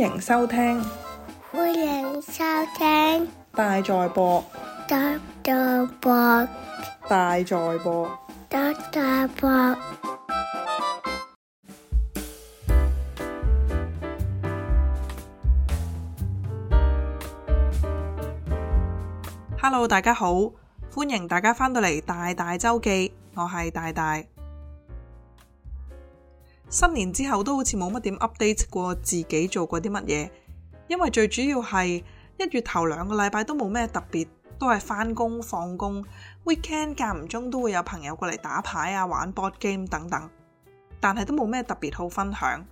歡迎收聽，歡迎收聽，大在播，大在播，大在播，大在播。Hello，大家好，歡迎大家返到嚟大大周記，我係大大。新年之後都好似冇乜點 update 過自己做過啲乜嘢，因為最主要係一月頭兩個禮拜都冇咩特別，都係翻工放工，weekend 間唔中都會有朋友過嚟打牌啊、玩 board game 等等，但係都冇咩特別好分享。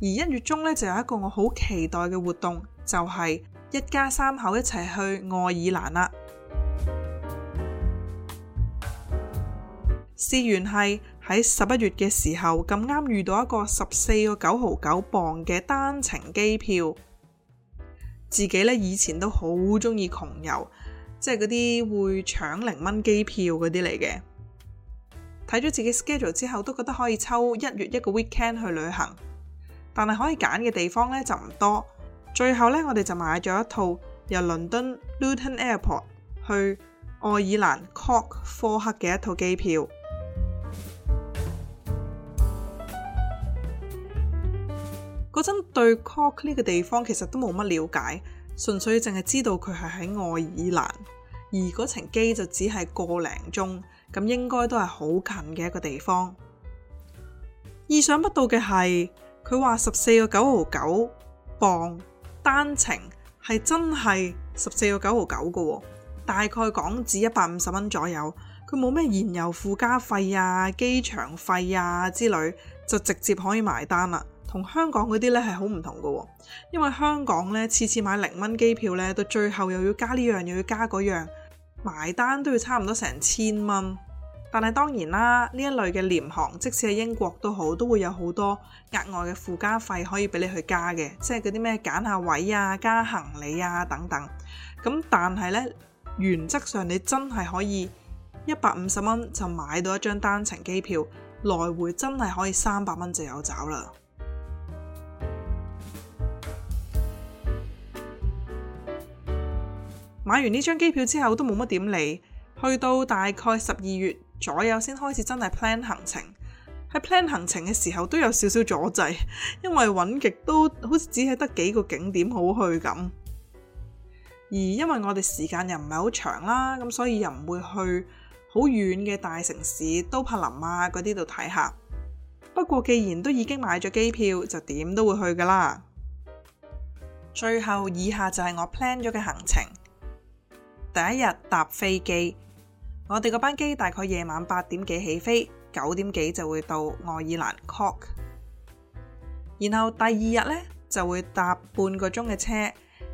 而一月中呢，就有一個我好期待嘅活動，就係、是、一家三口一齊去愛爾蘭啦。事緣係。喺十一月嘅時候咁啱遇到一個十四個九毫九磅嘅單程機票，自己呢以前都好中意窮遊，即係嗰啲會搶零蚊機票嗰啲嚟嘅。睇咗自己 schedule 之後，都覺得可以抽一月一個 weekend 去旅行，但係可以揀嘅地方呢就唔多。最後呢，我哋就買咗一套由倫敦 Luton Airport 去愛爾蘭 Cork 科克嘅一套機票。嗰陣對 Cork 呢個地方其實都冇乜了解，純粹淨係知道佢係喺愛爾蘭，而嗰程機就只係個零鐘，咁應該都係好近嘅一個地方。意想不到嘅係，佢話十四個九毫九磅單程係真係十四個九毫九嘅喎，大概港紙一百五十蚊左右，佢冇咩燃油附加費啊、機場費啊之類，就直接可以埋單啦。同香港嗰啲咧係好唔同嘅哦，因為香港咧次次買零蚊機票咧，到最後又要加呢樣又要加嗰樣，埋單都要差唔多成千蚊。但係當然啦，呢一類嘅廉航，即使喺英國都好，都會有好多額外嘅附加費可以俾你去加嘅，即係嗰啲咩揀下位啊、加行李啊等等。咁但係呢，原則上你真係可以一百五十蚊就買到一張單程機票，來回真係可以三百蚊就有找啦。買完呢張機票之後都冇乜點理，去到大概十二月左右先開始真係 plan 行程。喺 plan 行程嘅時候都有少少阻滯，因為揾極都好似只係得幾個景點好去咁。而因為我哋時間又唔係好長啦，咁所以又唔會去好遠嘅大城市都柏林啊嗰啲度睇下。不過既然都已經買咗機票，就點都會去㗎喇。最後以下就係我 plan 咗嘅行程。第一日搭飛機，我哋個班機大概夜晚八點幾起飛，九點幾就會到愛爾蘭 Cork。然後第二日呢，就會搭半個鐘嘅車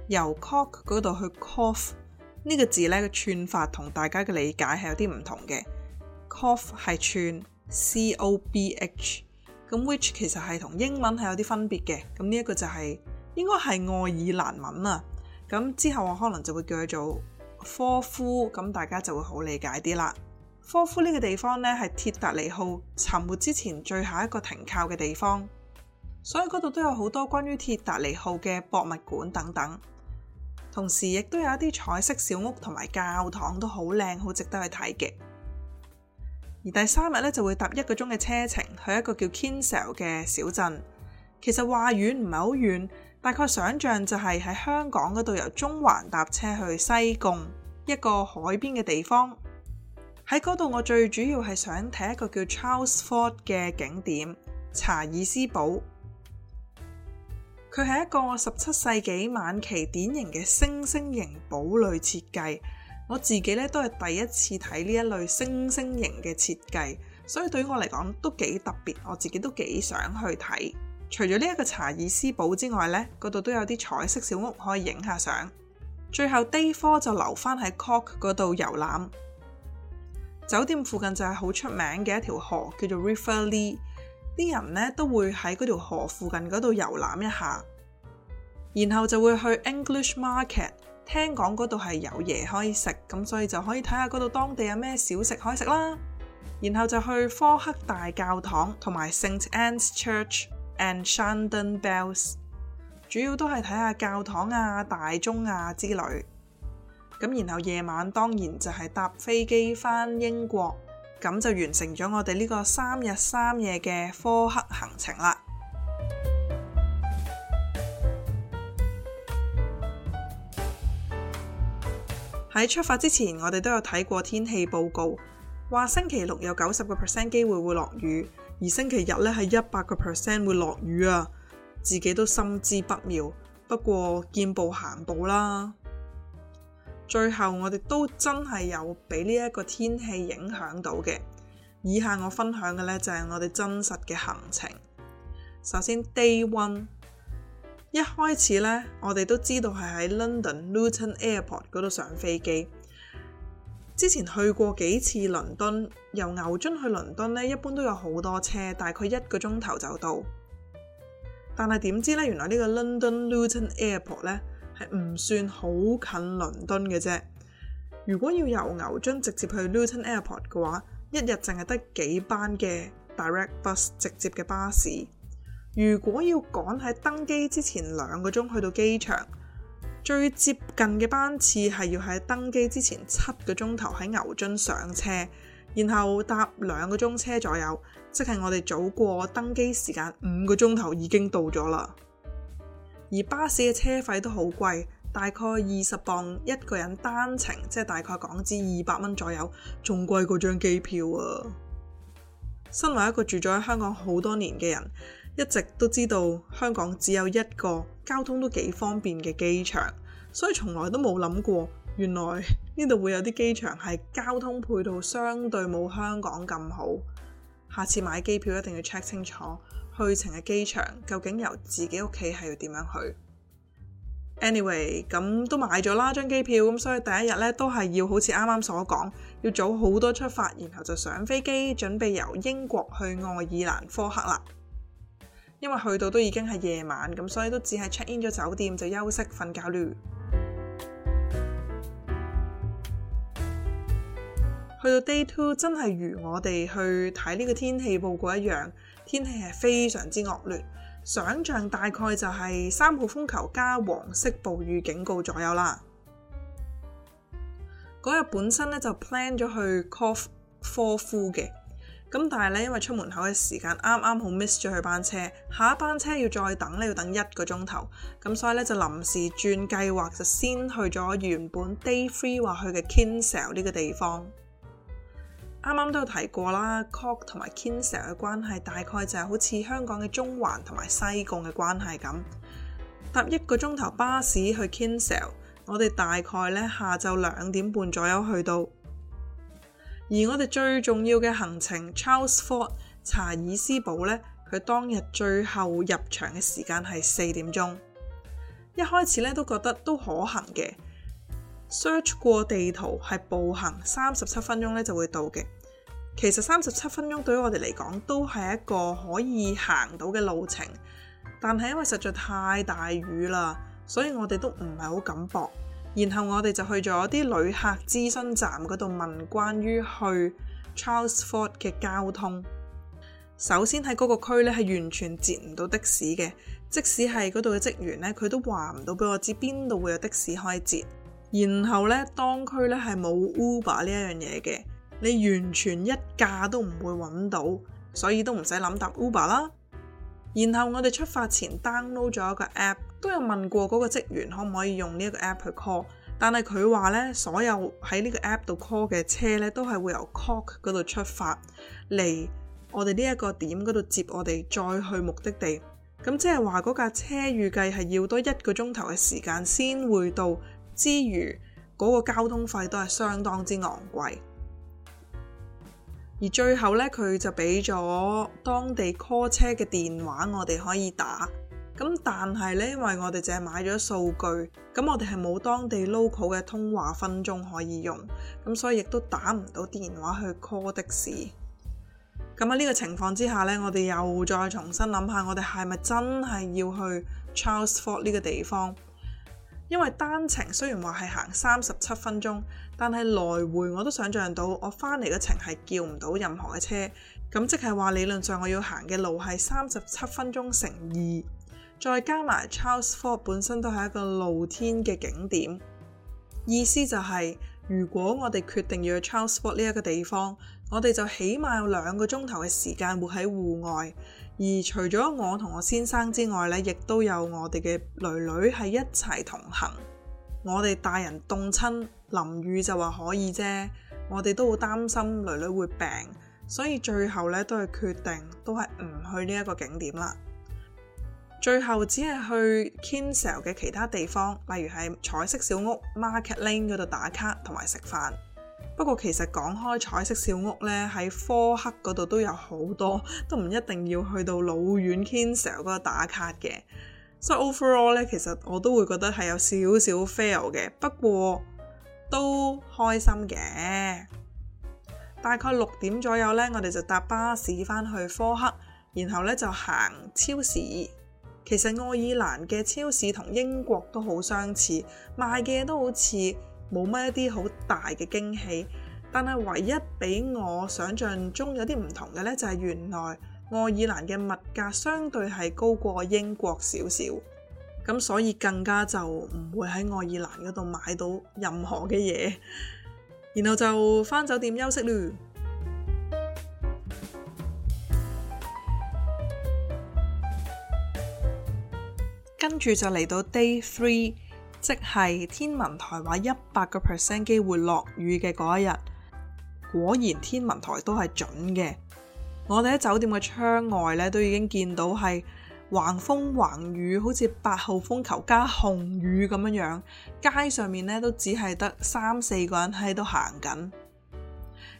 由 Cork 嗰度去 Cobh 呢、呢個字呢，嘅串法同大家嘅理解係有啲唔同嘅。Cobh 係串 C-O-B-H 咁，which 其實係同英文係有啲分別嘅。咁呢一個就係、係、應該係愛爾蘭文啊。咁之後我可能就會叫佢做科夫咁，大家就會好理解啲啦。科夫呢個地方呢，係鐵達尼號沉沒之前最後一個停靠嘅地方，所以嗰度都有好多關於鐵達尼號嘅博物館等等。同時，亦都有一啲彩色小屋同埋教堂都，都好靚，好值得去睇嘅。而第三日咧，就會搭一個鐘嘅車程去一個叫 Kinsale 嘅小鎮，其實話遠唔係好遠。大概想象就係喺香港嗰度由中環搭車去西貢一個海邊嘅地方，喺嗰度我最主要係想睇一個叫 Charles Fort 嘅景點——查爾斯堡。佢係一個十七世紀晚期典型嘅星星型堡壘設計。我自己咧都係第一次睇呢一類星星型嘅設計，所以對於我嚟講都幾特別，我自己都幾想去睇。除咗呢一個查爾斯堡之外，呢度都有啲彩色小屋可以影下相。最後，Day Four 就留翻喺 Cork 嗰度遊覽。酒店附近就係好出名嘅一條河叫做 River Lee，啲人呢都會喺嗰條河附近嗰度遊覽一下，然後就會去 English Market。聽講嗰度係有嘢可以食，咁所以就可以睇下嗰度當地有咩小食可以食啦。然後就去科克大教堂同埋 Saint Anne's Church。And Shandon bells，主要都係睇下教堂啊、大鐘啊之類。咁然後夜晚當然就係搭飛機返英國，咁就完成咗我哋呢個三日三夜嘅科克行程啦。喺出發之前，我哋都有睇過天氣報告，話星期六有九十個 percent 機會會落雨。而星期日咧係一百個 percent 會落雨啊，自己都心知不妙。不過見步行步啦。最後我哋都真係有俾呢一個天氣影響到嘅。以下我分享嘅咧就係我哋真實嘅行程。首先 day one，一開始咧我哋都知道係喺 London Luton Airport 嗰度上飛機。之前去過幾次倫敦，由牛津去倫敦咧，一般都有好多車，大概一個鐘頭就到。但係點知咧，原來呢個 London Luton Airport 咧係唔算好近倫敦嘅啫。如果要由牛津直接去 Luton Airport 嘅話，一日淨係得幾班嘅 direct bus 直接嘅巴士。如果要趕喺登機之前兩個鐘去到機場。最接近嘅班次係要喺登機之前七個鐘頭喺牛津上車，然後搭兩個鐘車左右，即係我哋早過登機時間五個鐘頭已經到咗啦。而巴士嘅車費都好貴，大概二十磅一個人單程，即係大概港紙二百蚊左右，仲貴過張機票啊！身為一個住咗喺香港好多年嘅人。一直都知道香港只有一個交通都幾方便嘅機場，所以從來都冇諗過原來呢度會有啲機場係交通配套相對冇香港咁好。下次買機票一定要 check 清楚去程嘅機場究竟由自己屋企係要點樣去。Anyway，咁都買咗啦張機票，咁所以第一日呢都係要好似啱啱所講，要早好多出發，然後就上飛機準備由英國去愛爾蘭科克啦。因為去到都已經係夜晚，咁所以都只係 check in 咗酒店就休息瞓覺咯。去到 day two 真係如我哋去睇呢個天氣報告一樣，天氣係非常之惡劣，想像大概就係三號風球加黃色暴雨警告左右啦。嗰日本身咧就 plan 咗去科夫嘅。咁但係咧，因為出門口嘅時間啱啱好 miss 咗佢班車，下一班車要再等咧，要等一個鐘頭，咁所以咧就臨時轉計劃，就先去咗原本 day three 話去嘅 Kinsale 呢個地方。啱啱都有提過啦，Cork 同埋 Kinsale 嘅關係大概就係好似香港嘅中環同埋西貢嘅關係咁，搭一個鐘頭巴士去 Kinsale，我哋大概咧下晝兩點半左右去到。而我哋最重要嘅行程，Charles Fort 查爾斯堡呢，佢當日最後入場嘅時間係四點鐘。一開始呢，都覺得都可行嘅，search 過地圖係步行三十七分鐘呢就會到嘅。其實三十七分鐘對於我哋嚟講都係一個可以行到嘅路程，但係因為實在太大雨啦，所以我哋都唔係好敢搏。然後我哋就去咗啲旅客諮詢站嗰度問關於去 Charles Fort 嘅交通。首先喺嗰個區呢，係完全截唔到的士嘅，即使係嗰度嘅職員呢，佢都話唔到俾我知邊度會有的士開截。然後呢，當區呢係冇 Uber 呢一樣嘢嘅，你完全一架都唔會揾到，所以都唔使諗搭 Uber 啦。然後我哋出發前 download 咗一個 app。都有問過嗰個職員可唔可以用呢一個 app 去 call，但係佢話呢，所有喺呢個 app 度 call 嘅車呢，都係會由 Cork 嗰度出發嚟我哋呢一個點嗰度接我哋，再去目的地。咁即係話嗰架車預計係要多一個鐘頭嘅時間先會到，之餘嗰個交通費都係相當之昂貴。而最後呢，佢就俾咗當地 call 車嘅電話，我哋可以打。咁但係咧，因為我哋淨係買咗數據，咁我哋係冇當地 local 嘅通話分鐘可以用，咁所以亦都打唔到啲電話去 call 的士。咁喺呢個情況之下呢，我哋又再重新諗下，我哋係咪真係要去 Charles Fort 呢個地方？因為單程雖然話係行三十七分鐘，但係來回我都想象到我翻嚟嗰程係叫唔到任何嘅車，咁即係話理論上我要行嘅路係三十七分鐘乘二。再加埋 Charles Fort 本身都係一個露天嘅景點，意思就係、是、如果我哋決定要去 Charles Fort 呢一個地方，我哋就起碼有兩個鐘頭嘅時間活喺戶外。而除咗我同我先生之外咧，亦都有我哋嘅囡囡係一齊同行。我哋大人凍親淋雨就話可以啫，我哋都好擔心囡囡會病，所以最後咧都係決定都係唔去呢一個景點啦。最後只係去 Kinsale 嘅其他地方，例如係彩色小屋 Market Lane 嗰度打卡同埋食飯。不過其實講開彩色小屋呢，喺科克嗰度都有好多，都唔一定要去到老遠 Kinsale 嗰度打卡嘅。所、so、以 overall 呢，其實我都會覺得係有少少 fail 嘅，不過都開心嘅。大概六點左右呢，我哋就搭巴士返去科克，然後呢就行超市。其實愛爾蘭嘅超市同英國都好相似，賣嘅嘢都好似冇乜一啲好大嘅驚喜。但係唯一畀我想象中有啲唔同嘅呢，就係原來愛爾蘭嘅物價相對係高過英國少少，咁所以更加就唔會喺愛爾蘭嗰度買到任何嘅嘢。然後就返酒店休息啦。跟住就嚟到 day three，即係天文台話一百個 percent 機會落雨嘅嗰一日，果然天文台都係準嘅。我哋喺酒店嘅窗外咧，都已經見到係橫風橫雨，好似八號風球加紅雨咁樣樣。街上面咧都只係得三四個人喺度行緊。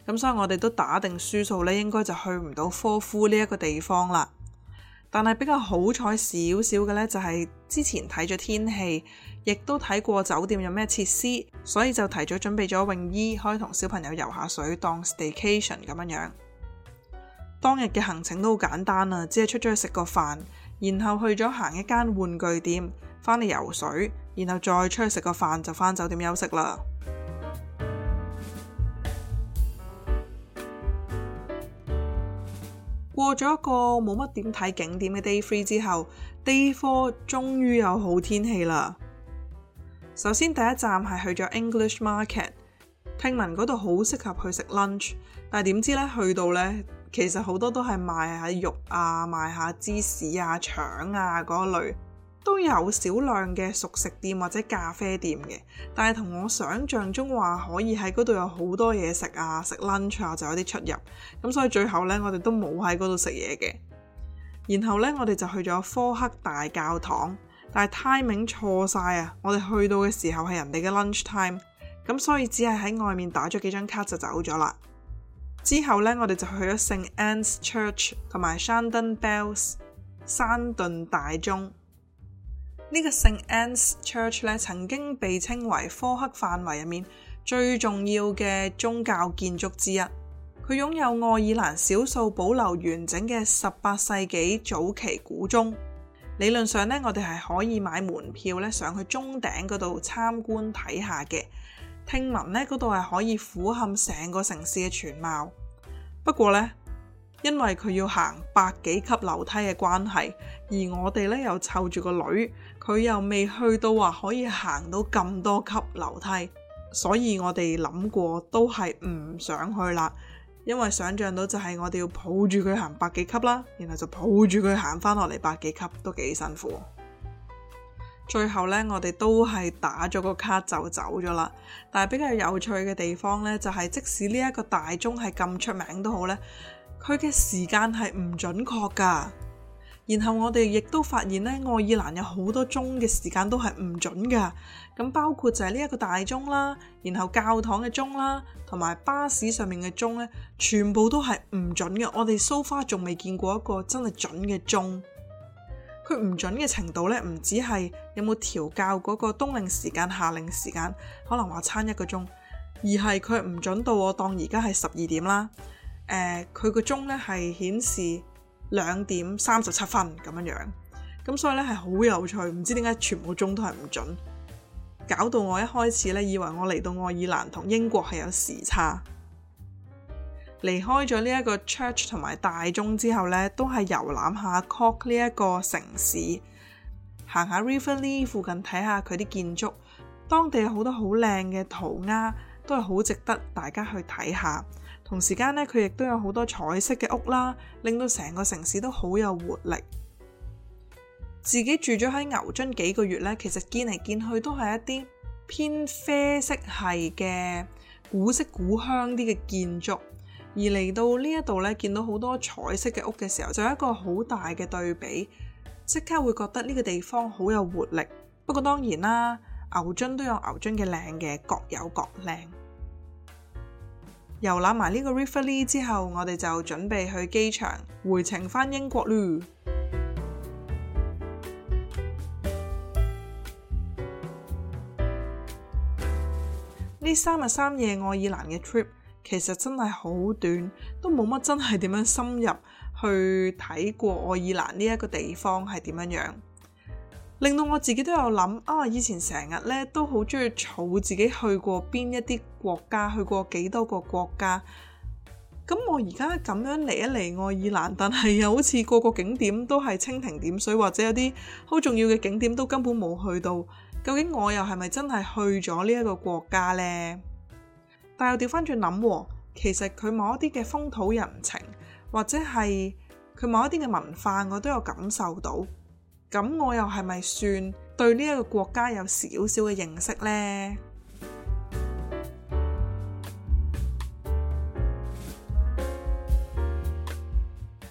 咁所以我哋都打定輸數咧，應該就去唔到科夫呢一個地方啦。但係比較好彩少少嘅呢，就係之前睇咗天氣，亦都睇過酒店有咩設施，所以就提早準備咗泳衣，可以同小朋友遊下水當 staycation 咁樣樣。當日嘅行程都好簡單啊，只係出咗去食個飯，然後去咗行一間玩具店，返嚟游水，然後再出去食個飯就返酒店休息啦。過咗一個冇乜點睇景點嘅 Day Three 之後，Day Four 終於有好天氣啦。首先第一站係去咗 English Market，聽聞嗰度好適合去食 lunch，但係點知咧去到呢，其實好多都係賣下肉啊、賣下芝士啊、腸啊嗰類。都有少量嘅熟食店或者咖啡店嘅，但係同我想象中話可以喺嗰度有好多嘢食啊，食 lunch 啊，就有啲出入咁，啊，所以最後咧我哋都冇喺嗰度食嘢嘅。然後咧我哋就去咗科克大教堂，但係 timing 錯晒啊！我哋去到嘅時候係人哋嘅 lunch time，咁所以只係喺外面打咗幾張卡就走咗啦。之後咧我哋就去咗聖 Anne’s Church 同埋 Shandon Bells 山頓大鐘。呢個聖安斯 Church 咧，曾經被稱為科克範圍入面最重要嘅宗教建築之一。佢擁有愛爾蘭少數保留完整嘅十八世紀早期古鐘。理論上咧，我哋係可以買門票咧，上去鐘頂嗰度參觀睇下嘅。聽聞咧，嗰度係可以俯瞰成個城市嘅全貌。不過咧，因為佢要行百幾級樓梯嘅關係，而我哋咧又湊住個女。佢又未去到話可以行到咁多級樓梯，所以我哋諗過都係唔想去啦，因為想像到就係我哋要抱住佢行百幾級啦，然後就抱住佢行返落嚟百幾級都幾辛苦。最後呢，我哋都係打咗個卡就走咗啦。但係比較有趣嘅地方呢，就係即使呢一個大鐘係咁出名都好呢，佢嘅時間係唔準確㗎。然後我哋亦都發現呢，愛爾蘭有好多鐘嘅時間都係唔準噶，咁包括就係呢一個大鐘啦，然後教堂嘅鐘啦，同埋巴士上面嘅鐘呢，全部都係唔準嘅。我哋蘇花仲未見過一個真係準嘅鐘，佢唔準嘅程度呢，唔只係有冇調校嗰個冬令時間夏令時間，可能話差一個鐘，而係佢唔準到我當而家係十二點啦，呃、佢個鐘呢，係顯示。兩點三十七分咁樣樣，咁所以咧係好有趣，唔知點解全部鐘都係唔準，搞到我一開始咧以為我嚟到愛爾蘭同英國係有時差。離開咗呢一個 church 同埋大鐘之後咧，都係遊覽下 Cork 呢一個城市，行下 River Lee 附近睇下佢啲建築，當地有好多好靚嘅塗鴉，都係好值得大家去睇下。同時間呢佢亦都有好多彩色嘅屋啦，令到成個城市都好有活力。自己住咗喺牛津幾個月呢，其實見嚟見去都係一啲偏啡色系嘅古色古香啲嘅建築，而嚟到呢一度呢，見到好多彩色嘅屋嘅時候，就一個好大嘅對比，即刻會覺得呢個地方好有活力。不過當然啦，牛津都有牛津嘅靚嘅，各有各靚。遊覽埋呢個 River Lee 之後，我哋就準備去機場回程返英國啦。呢 三日三夜愛爾蘭嘅 trip 其實真係好短，都冇乜真係點樣深入去睇過愛爾蘭呢一個地方係點樣樣。令到我自己都有諗啊，以前成日咧都好中意儲自己去過邊一啲國家，去過幾多個國家。咁我而家咁樣嚟一嚟愛爾蘭，但係又好似個個景點都係蜻蜓點水，或者有啲好重要嘅景點都根本冇去到。究竟我又係咪真係去咗呢一個國家呢？但又調翻轉諗，其實佢某一啲嘅風土人情，或者係佢某一啲嘅文化，我都有感受到。咁我又係咪算對呢一個國家有少少嘅認識呢？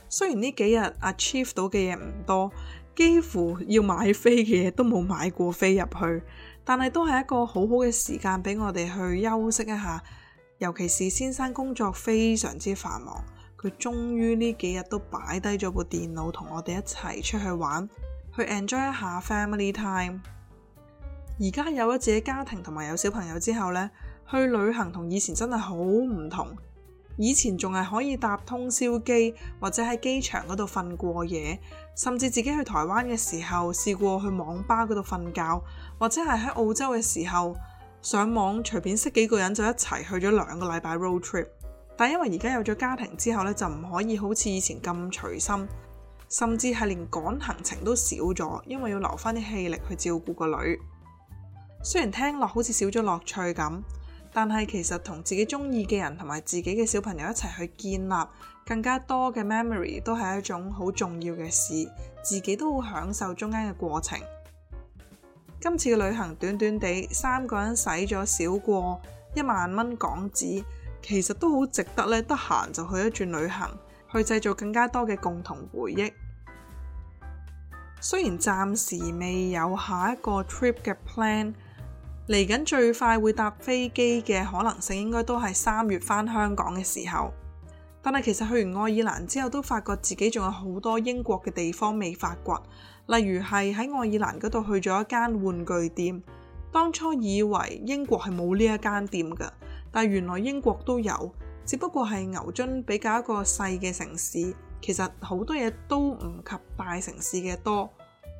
雖然呢幾日 achieve 到嘅嘢唔多，幾乎要買飛嘅嘢都冇買過飛入去，但係都係一個好好嘅時間俾我哋去休息一下。尤其是先生工作非常之繁忙，佢終於呢幾日都擺低咗部電腦，同我哋一齊出去玩。去 enjoy 一下 family time。而家有咗自己家庭同埋有小朋友之後咧，去旅行同以前真係好唔同。以前仲係可以搭通宵機，或者喺機場嗰度瞓過夜，甚至自己去台灣嘅時候試過去網吧嗰度瞓覺，或者係喺澳洲嘅時候上網隨便識幾個人就一齊去咗兩個禮拜 road trip。但係因為而家有咗家庭之後咧，就唔可以好似以前咁隨心。甚至係連趕行程都少咗，因為要留翻啲氣力去照顧個女。雖然聽落好似少咗樂趣咁，但係其實同自己中意嘅人同埋自己嘅小朋友一齊去建立更加多嘅 memory，都係一種好重要嘅事。自己都好享受中間嘅過程。今次嘅旅行短短地，三個人使咗少過一萬蚊港紙，其實都好值得咧。得閒就去一轉旅行。去製造更加多嘅共同回憶。雖然暫時未有下一個 trip 嘅 plan，嚟緊最快會搭飛機嘅可能性應該都係三月返香港嘅時候。但係其實去完愛爾蘭之後，都發覺自己仲有好多英國嘅地方未發掘，例如係喺愛爾蘭嗰度去咗一間玩具店，當初以為英國係冇呢一間店㗎，但原來英國都有。只不過係牛津比較一個細嘅城市，其實好多嘢都唔及大城市嘅多。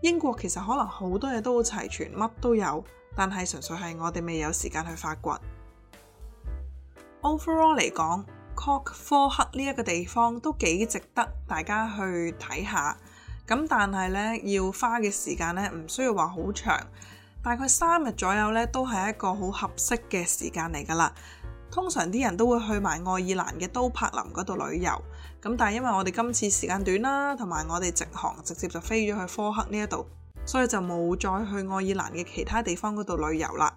英國其實可能好多嘢都好齊全，乜都有，但係純粹係我哋未有時間去發掘。 Overall 嚟講，Cork 科克呢一個地方都幾值得大家去睇下。咁但係呢，要花嘅時間呢，唔需要話好長，大概三日左右呢都係一個好合適嘅時間嚟噶啦。通常啲人都會去埋愛爾蘭嘅都柏林嗰度旅遊，咁但係因為我哋今次時間短啦，同埋我哋直航直接就飛咗去科克呢一度，所以就冇再去愛爾蘭嘅其他地方嗰度旅遊啦。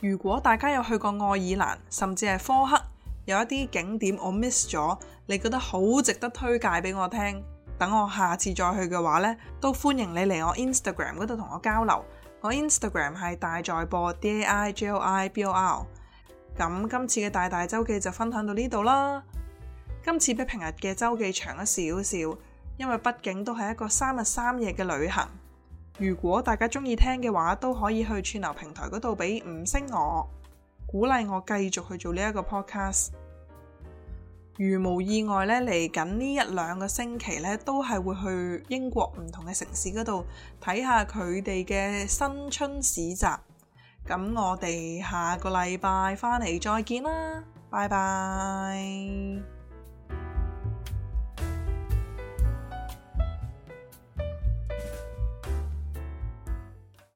如果大家有去過愛爾蘭，甚至係科克有一啲景點我 miss 咗，你覺得好值得推介俾我聽，等我下次再去嘅話呢，都歡迎你嚟我 Instagram 嗰度同我交流。我 Instagram 係大在播 d a i j o i b o r。R, 咁今次嘅大大周記就分享到呢度啦。今次比平日嘅周記長咗少少，因為畢竟都係一個三日三夜嘅旅行。如果大家中意聽嘅話，都可以去串流平台嗰度俾五星我，鼓勵我繼續去做呢一個 podcast。如無意外咧，嚟緊呢一兩個星期咧，都係會去英國唔同嘅城市嗰度睇下佢哋嘅新春市集。咁我哋下個禮拜翻嚟再見啦，拜拜。